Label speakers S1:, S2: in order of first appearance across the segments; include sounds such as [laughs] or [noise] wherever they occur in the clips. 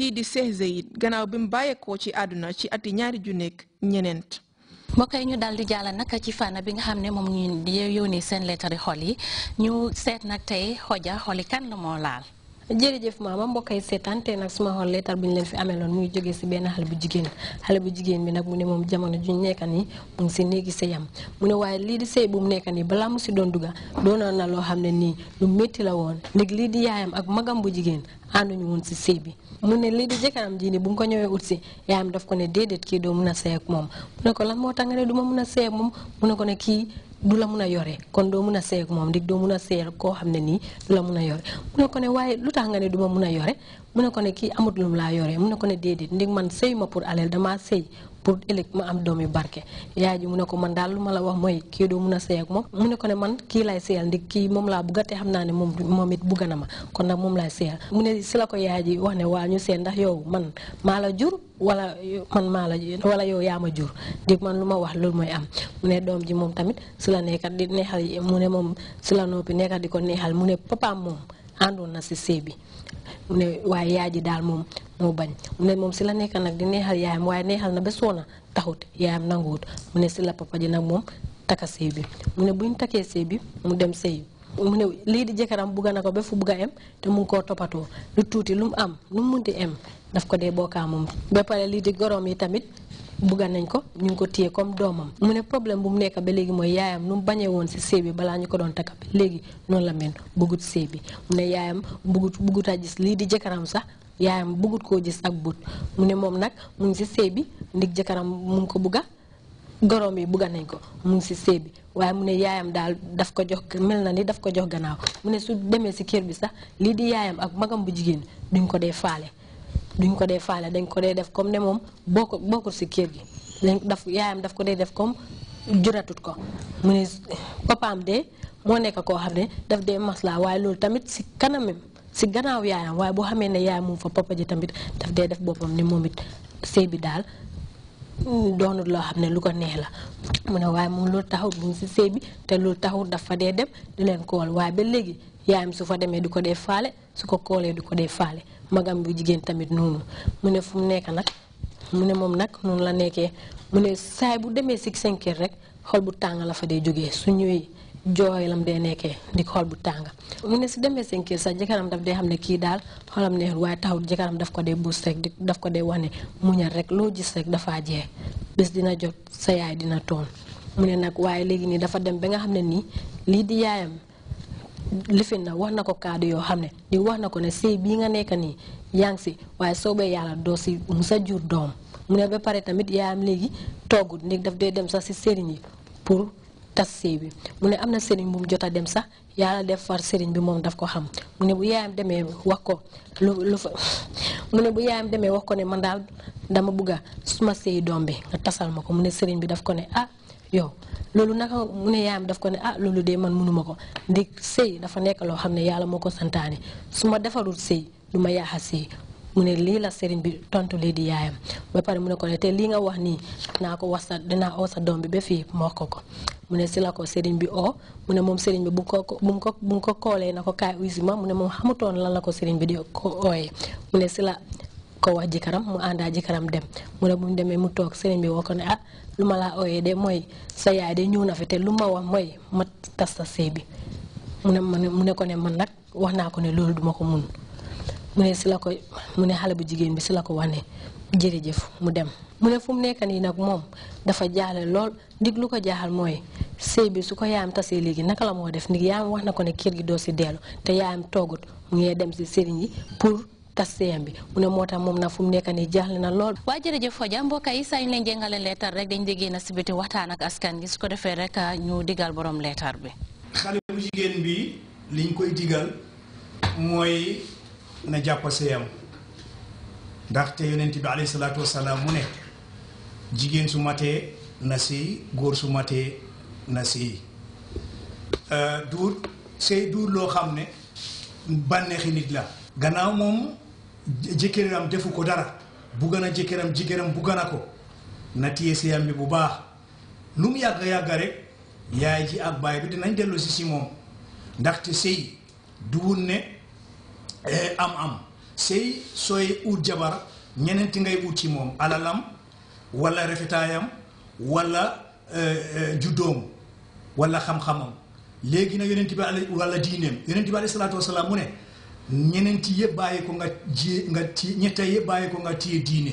S1: kii di Cheikh Zayed gannaaw bi mu bàyyeekoo ci àdduna ci ati ñaari junneeg ñeneent. mbokk yi ñu daal di jàll nag ci fànn bi nga xam ne moom ñu yónnee seen leetari xol yi ñu seet nag tey xoja xoli kan la moo laal.
S2: jërëjëf ma ma yi seetaan tey nag suma xool leetar bu ñu leen fi ameeloon muy jógee si benn xale bu jigéen xale bu jigéen bi nag mu ne moom jamono ju nekkani nekk nii mu ngi si néegi sëyam mu ne waaye lii di sëy bu mu nekkani bala balaa mu si don duga doona na loo xam ne nii lu métti la woon nek lii di yaayam ak magam bu jigéen ànduñu woon si sey bi mu ne lii di jëkkëram ji ni bu ko ñëwee utsi yaayam daf ko ne déedéet kii doo mun a sëy ak moom mu ne ko lan moo tangale ne du ma mun a sëy moom mu ne ko ne ki du la mun a yore kon doo mun a seeg moom ndig doo mun a seer koo xam ne nii du la mun a yore mu ne ko ne waaye lu tax nga ne du ma mun a yore mu ne ko ne kii amut lum laa yore mun ne ko ne déedéet ndik man sëy ma pour alal dama sëy pour ëllëg ma am doom yu barke yaay ji mu ne ko man daal lu ma la wax mooy kii doo mun a seey ak moom mu ne ko ne man kii laay seeyal ndi kii moom laa bugga te xam naa ne moom moom it bugga na ma kon nag moom laay seeyal mu ne si la ko yaay ji wax ne waa ñu seey ndax yow man maa la jur wala man maa la wala yow yaa ma jur dig man lu ma wax loolu mooy am mu doom ji moom tamit si la nekkat di neexal mu ne moom si la noppi nekkat di ko neexal mu ne papaam moom àndoon na si sëy bi mu ne waaye yaay ji daal moom moo bañ mu ne moom si la nekk nag di neexal yaayam waaye neexal na ba soona taxut yaayam nanguwut mu ne si la papa ji nag moom takka sëy bi mu ne buñ takee sëy bi mu dem sëy mu ne lii di jëkkaram bugga na ko ba fu bugga em te mu ngi koo toppatoo lu tuuti lu mu am lu mu munti em daf ko dee bokkaa moom ba pare lii di goroom yi tamit bugga nañ ko ñu ngi ko téye comme doomam mu ne problème bu mu nekk ba léegi mooy yaayam nu mu bañee woon si sëy bi balaa ñu ko doon takk léegi noonu la mel buggut sëy bi mu ne yaayam bugut bugut a gis lii di jëkkaram sax yaayam bëggut koo gis ak but mu ne moom nag mu ngi si sëy bi ndig jëkkëram mu ngi ko bugga gorom yi bugga nañ ko mu ngi si sëy bi waaye mu ne yaayam daal daf ko jox mel na ni daf ko jox gannaaw mu ne su demee si kër bi sax lii di yaayam ak magam bu jigéen duñ ko dee faale duñ ko dee faale dañ ko dee def comme ne moom bokk bokkul si kër gi dañ daf yaayam daf ko dee def comme juratut ko mu ne papaam de moo nekk koo xam ne daf dee maslaa waaye loolu tamit si kanamam si gannaaw yaayam waaye boo xamee ne yaayam moom fa poppa ji tamit daf dee def boppam ni moom it sëy bi daal doonut loo xam ne lu ko neex la mu ne waaye moom loolu taxut mu si sëy bi te loolu taxut dafa dee dem di leen kool waaye ba léegi yaayam su fa demee du ko dee faale su ko koolee du ko dee faale magam bu jigéen tamit noonu mu ne fu mu nekk nag mu ne moom nag noonu la nekkee mu ne saay bu demee si seen rek xol bu tàng la fa dee jógee su ñëwee jooy lam dee nekkee di xool bu tàng mu ne su demee seen kër sax daf dee xam ne kii daal xolam neexul waaye taxul jëkkëram daf ko dee buus rek daf ko dee wane muñal rek loo gis rek dafaa jee dina jot sa yaay dina toon mu ne nag waaye léegi nii dafa dem ba nga xam ne nii lii di yaayam lifin na wax na ko kaddu yoo xam ne di wax na ko ne sëy bii nga nekk nii yaa ngi si waaye soobee yàlla doo si mu sa jur doom mu ne ba pare tamit yaayam léegi toggut néeg daf dee dem sax si sëriñ yi pour tas sëy bi mu ne am na sëriñ bu mu jot a dem sax yàlla def far sëriñ bi moom daf ko xam mu ne bu yaayam demee wax ko lu lu [laughs] ne bu yaayam demee wax ko ne man daal dama bugg a ma sëy doom bi nga tasal ma ko mu ne sëriñ bi daf ko ne ah yow loolu naka mu ne yaayam daf ko ne ah loolu de man mënuma ko ndi sëy dafa nekk loo xam ne yàlla moo ko santaane su ma defarul sëy du ma yaaxa sëy mu ne lii la sëriñ bi tontu lii di yaayam ba pare mu ne ko ne te lii nga wax nii naa ko wax sa danaa oo sa doom bi ba fii moo ko ko mu ne si la ko sëriñ bi oo mu ne moom sëriñ bi bu ko bu ko mu ko koolee na ko kaay usi mu ne moom xamutoon lan la ko sëriñ bi di ko ooyee mu ne si la ko wax jikaram mu àndaa jikaram dem mu ne bu mu demee mu toog sëriñ bi woo ko ne ah lu ma laa ooyee de mooy sa yaay de ñëw na fi te lu ma wax mooy ma tas sa sëy bi mu ne mu ne ko ne man nag wax naa ko ne loolu duma ko mun mu ne si la ko mu ne xale bu jigéen bi si la ko wane jërëjëf mu dem mu ne fu mu nekk nii nag moom dafa jaaxle lool ndig lu ko jaaxal mooy sëy bi su ko yaayam tasee léegi naka la moo def ndig yaayam wax na ko ne kër gi doo si te yaayam toogut mu dem si sëriñ yi pour tas bi mu ne moo tax moom nag fu mu nekk nii jaaxle na lool
S1: waa jërëjëf Fodja mbokk yi saa ñu leen jëngale leetar rek dañ déggee na si biti waxtaan ak askan gi su ko defee rek ñu digal borom leetar bi
S2: xale bu jigéen
S3: bi liñ koy digal mooy na jàpp sëyam ndaxte yonent bi alayhi salaatu wasalaam mu ne jigéen su matee na sëy góor su matee na sëy euh, duur sëy duur loo xam ne bànneexi nit la gannaaw moom jëkkëram defu ko dara bugga na jëkkëram jëkkëram bugga na ko na téye sëyam bi bu baax lum mu yàgga yàgga rek yaay ji ak baay bi dinañ dellu si si ndaxte sëy duwul ne E am am sëy sooy ut jabar ñeneenti ngay ut ci moom alalam walla rafetaayam walla e, e, juddoom walla xam-xamam léegi nag yonent bi ale walla diineem yonent bi ale salaatu wasalaam mu ne ñeneenti yëpp bàyyi ko nga ji nga ti ñetta yëpp bàyyi ko nga téye diine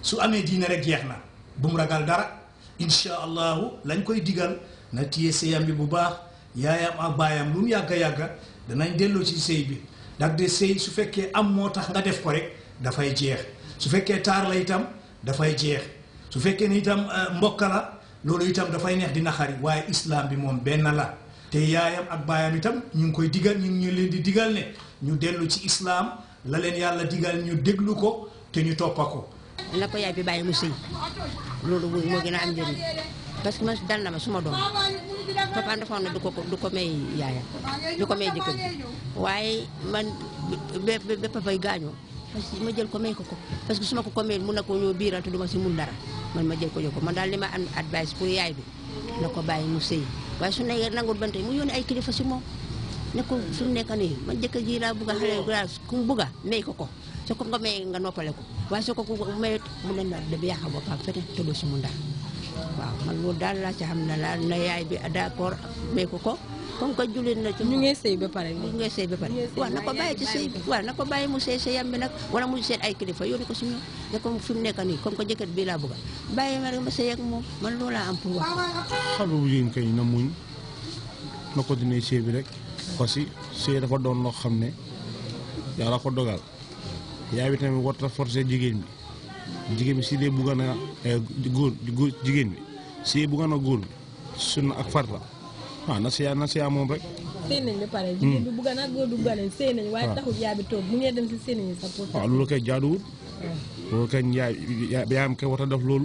S3: su amee diine rek jeex na bu ragal dara insha allahu lañ koy digal na téye sëyam bi bu baax yaayam ak baayam lu mu yàgga yàgga danañ delloo ci sëy bi ndax de sëy su fekkee am moo tax nga def ko rek dafay jeex su fekkee taar la itam dafay jeex su fekkee ni itam euh, mbokk la loolu itam dafay neex dina naxari waaye islaam bi moom benn la te yaayam ak baayam itam ñu ngi koy digal ñu ngi leen di digal ne ñu dellu ci islaam la leen yàlla digal ñu déglu ko te ñu toppa ko
S1: na ko yaay bi bàyyi mu sëy loolu moo gën a am njëriñ parce que man dal na ma suma doom papa na du ko du ko may yaayam du ko may jëkkër waaye man ba papa gaañoo parce que ma jël ko may ko ko parce que su ko ko mun na ko ñëw biiral te du ma dara man ma jël ko jox ko man daal li ma am advice pour yaay bi na ko bàyyi mu sëy waaye su ne nangul bante mu yónni ay kilifa si moom ne ko su nekk nii man jëkkër ji laa bugg a xale ku mu bugg a ko so soko nga may nga noppale ko waaye soko ko may mu ne na de biya xam boppam fete to do mu ndax waaw man loolu daal laa ci xam ne na yaay bi d'accord may ko ko comme que jullit na ci ñu ngay sëy ba pare ñu ngay sëy ba pare waaw na ko bàyyi ci sëy waaw na ko bàyyi mu sëy sëyam bi nag wala mu seet ay kilifa yónni ko si ñoom ne comme fi nekk nii comme que jëkkër bii laa bëgg bàyyi ma rek ma sëy ak moom man loolu laa am pour wax
S3: xale bu jigéen kay na muñ na continuer sëy bi rek parce que sëy dafa doon loo xam ne ko dogal yaay bi tamit warta forcer jigen bi jigen bi si bu gëna goor góor bi si bu gëna goor sunna ak farla ah na si yaa na si yaa rek
S2: sëy nañ ba pare hmm. jigéen bi bugga na góor du bugga leen sëy nañ waaye ah. taxul yaay bi tok mu ngee dem ci sëy sa pour ah,
S3: kay ah. kay yaay kay def di def rek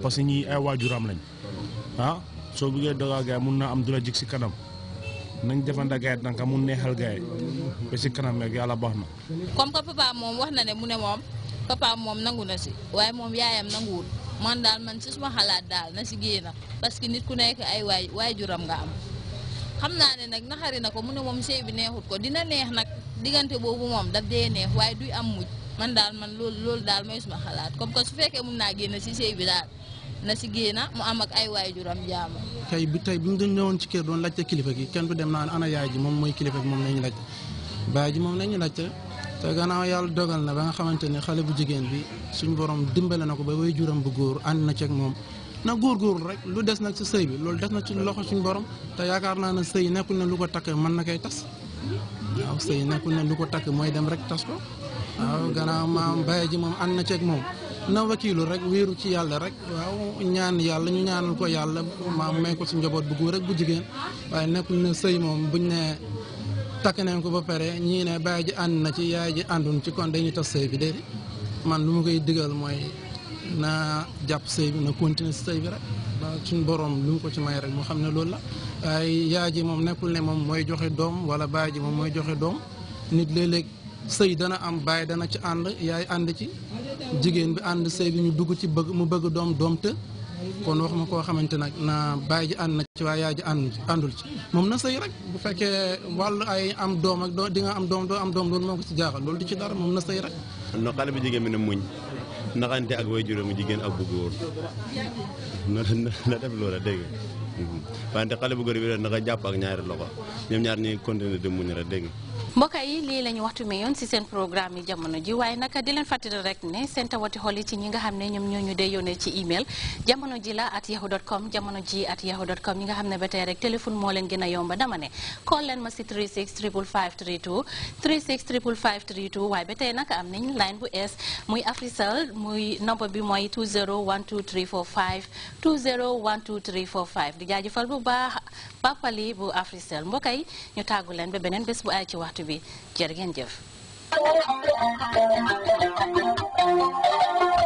S3: parce que ay ah so bëggee dogal gaa yi mun am nañ jëfandikoo gars yi donc mu neexal gars ba si kanam rek yàlla baax na.
S1: comme que papa moom wax na ne mu ne moom papa moom nangu na si waaye moom yaayam nanguwul man daal man si suma xalaat daal na si génn parce que nit ku nekk ay waay waajuram nga am. xam naa ne nag naxari na ko mu ne moom sëy bi neexut ko dina neex nag diggante boobu moom daf dee neex waaye duy am mujj man daal man loolu loolu daal may suma xalaat comme ko su fekkee mun naa génna si sëy bi daal na si génn mu am ak ay waay juram jaamu.
S4: kay bi tey bi ñu ñëwoon ci kër doon laajte kilifa gi kenn du dem naan ana yaay ji moom mooy kilifa gi moom la ñu laaj baay ji moom la ñu laajte te gannaaw yàlla dogal na ba nga xamante ne xale bu jigéen bi suñ boroom dimbale na ko ba way juram bu góor ànd na ceeg moom na góor góorgóorlu rek lu des nag ci sëy bi loolu des na ci loxo suñ borom te yaakaar naa ne sëy nekkul na lu ko takk man na koy tas waaw sëy nekkul ne lu ko takk mooy dem rek tas ko waaw gannaaw ji moom ànd na ceeg moom na wakiilu rek wéeru ci yàlla rek waaw ñaan yàlla ñu ñaanal ko yàlla maam may ko si njaboot bu góor rek bu jigéen waaye nekkul ne moom buñ ne takk nañ ko ba pare ñii ne bàyyi ji ànd na ci yaay ji àndun ci kon dañuy tas sëy bi déedéet man lu ma koy digal mooy na jàpp sëy bi na continuer si sëy bi rek ba borom lu ko ci may rek moo xam ne loolu la waaye ji moom nekkul ne moom mooy joxe doom wala bàyyi ji moom mooy joxe doom nit léeg-léeg sëy dana am baay dana ci ànd yaay ànd ci jigéen bi ànd sëy bi ñu dugg ci bëgg mu bëgg doom doom te kon waxuma koo xamante nag na baay ji ànd na ci waaye yaay ji àndul ci moom na sëy rek bu fekkee wàllu ay am doom ak doo di nga am doom doo am doom loolu moo ci jaaxal loolu ci dara moom na sëy rek
S3: no xale bi jigéen bi ne muñ naxante ak way juróomi jigéen ak bu góor na na def loola dégg nga wante xale bu góor bi rek naka jàpp ak ñaari loxo ñoom ñaar ñuy continuer muñ rek dégg nga
S1: mbokka yi lii la ñu waxtu meyoon si seen programme yi jamono ji waaye naka di leen fàttali rek ne seen tawati xol yi ci ñi nga xam ne ñoom ñoo ñu dee yónnee ci email jamono ji la at yahoo dot com jamono ji at yahoo dot com ñi nga xam ne ba tey rek téléphone moo leen gën a yomba dama ne call leen ma si 36 555 32 36 555 32 waaye ba tey nag am nañ line bu es muy Africell muy nombre bi mooy 20 12345 20 12345 di jaajëfal bu baax papali bu Africell mbokka yi ñu tàggu leen ba beneen bés bu ay ci waxtu TV jërë ngeen
S3: jëf